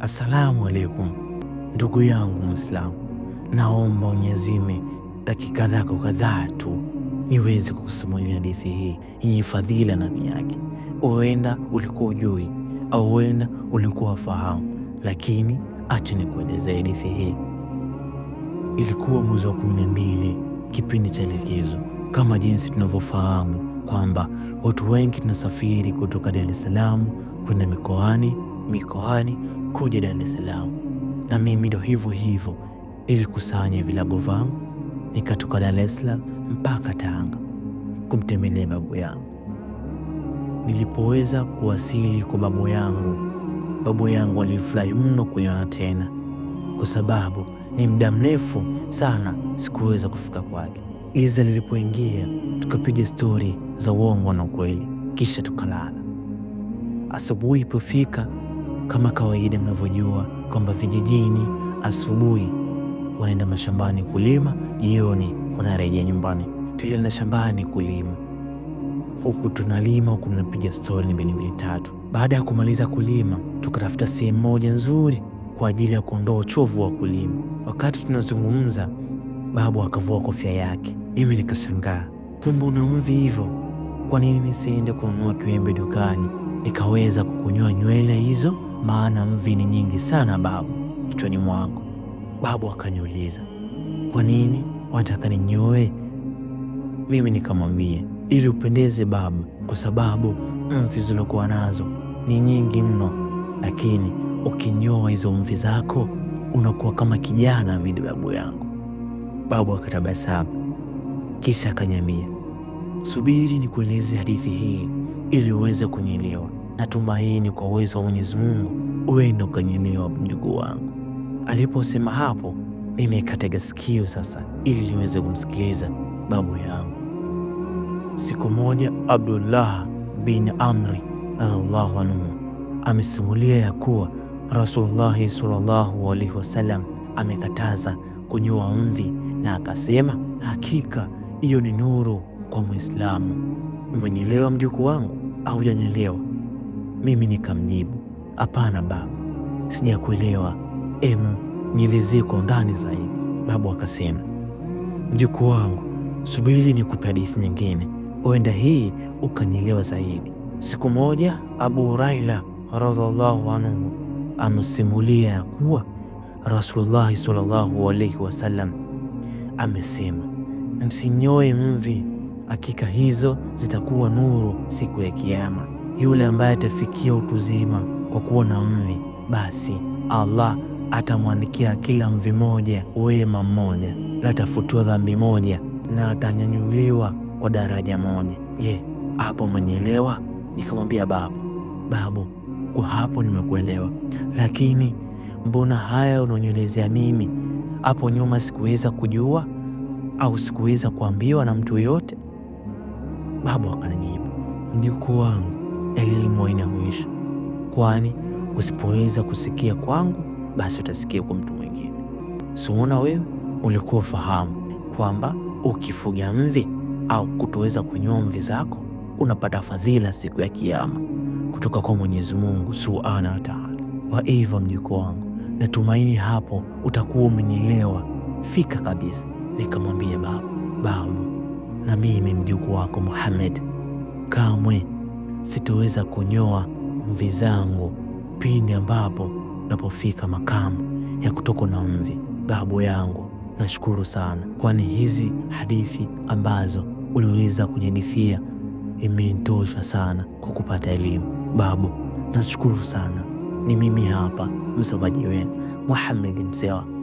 Assalamu alaikum, ndugu yangu Mwislamu, naomba unyezime dakika zako kadhaa tu niweze kukusimulia hadithi hii yenye fadhila ndani yake. Huenda ulikuwa ujui au huenda ulikuwa fahamu lakini acha nikueleze hadithi hii. Ilikuwa mwezi wa kumi na mbili, kipindi cha likizo. Kama jinsi tunavyofahamu kwamba watu wengi tunasafiri kutoka Dar es Salaam kwenda mikoani mikoani kuja Dar es Salaam, na mimi ndo hivyo hivyo, ili kusanya vilabu vangu nikatoka Dar es Salaam mpaka Tanga kumtembelea babu yangu. Nilipoweza kuwasili kwa babu yangu, babu yangu alifurahi mno kuniona tena, kwa sababu ni muda mrefu sana sikuweza kufika kwake. Iza nilipoingia, tukapiga stori za uongo na ukweli, kisha tukalala. Asubuhi ilipofika kama kawaida mnavyojua kwamba vijijini asubuhi wanaenda mashambani kulima, jioni wanarejea nyumbani. Tulienda shambani kulima, huku tunalima, huku tunapiga stori mbili mbili tatu. Baada ya kumaliza kulima, tukatafuta sehemu moja nzuri kwa ajili ya kuondoa uchovu wa kulima. Wakati tunazungumza, babu akavua kofia yake, mimi nikashangaa, kumbe una mvi hivyo. Kwa nini nisiende kununua kiwembe dukani nikaweza kukunywa nywele hizo? maana mvi ni nyingi sana babu, kichwani mwangu. Babu akaniuliza kwa nini wataka ninyoe. Mimi nikamwambia ili upendeze babu, kwa sababu mvi zilokuwa nazo ni nyingi mno, lakini ukinyoa hizo mvi zako unakuwa kama kijana mimi babu yangu. Babu akatabasamu kisha akanyambia, subiri nikueleze hadithi hii ili uweze kunielewa na tumaini kwa uwezo wa Mwenyezi Mungu uenda ukanyelewa, mjukuu wangu. Aliposema hapo, mimi nikatega sikio sasa, ili niweze kumsikiliza babu yangu. Siku moja Abdullah bin Amri radhiallahu anhu amesimulia ya kuwa Rasulullahi sallallahu alaihi wasallam amekataza kunyoa mvi na akasema, hakika hiyo ni nuru kwa Mwislamu. mwenyelewa mjukuu wangu au hujanyelewa? Mimi nikamjibu, hapana baba, sijakuelewa, em nielezee kwa undani zaidi. Babu akasema, mjukuu wangu, subiri nikupe hadithi nyingine, huenda hii ukanielewa zaidi. Siku moja Abu Huraira radhiallahu anhu amesimulia ya kuwa Rasulullahi sallallahu alaihi wasallam amesema, msinyoe mvi, hakika hizo zitakuwa nuru siku ya kiama yule ambaye atafikia utuzima kwa kuona mvi, basi Allah atamwandikia kila mvi moja wema mmoja, na atafutiwa dhambi moja, na atanyanyuliwa kwa daraja moja. Je, hapo umenielewa? Nikamwambia babu, babu, kwa hapo nimekuelewa, lakini mbona haya unaonyelezea mimi hapo nyuma sikuweza kujua au sikuweza kuambiwa na mtu yoyote? Babu akanijibu, mjukuu wangu elimu haina mwisho, kwani usipoweza kusikia kwangu, basi utasikia kwa mtu mwingine. Siuona wewe ulikuwa ufahamu kwamba ukifuga mvi au kutoweza kunywa mvi zako unapata fadhila siku ya kiama kutoka kwa Mwenyezi Mungu Subhanahu wa Ta'ala. Kwa hivyo, mjuko wangu, natumaini hapo utakuwa umenielewa fika kabisa. Nikamwambia babu, babu, na mimi mjuko wako Muhammad kamwe sitoweza kunyoa mvi zangu pindi ambapo napofika makamu ya kutoko na mvi. Babu yangu, nashukuru sana, kwani hizi hadithi ambazo uliweza kunyadithia imenitosha sana kwa kupata elimu. Babu, nashukuru sana. Ni mimi hapa msomaji wenu Muhammad Msewa.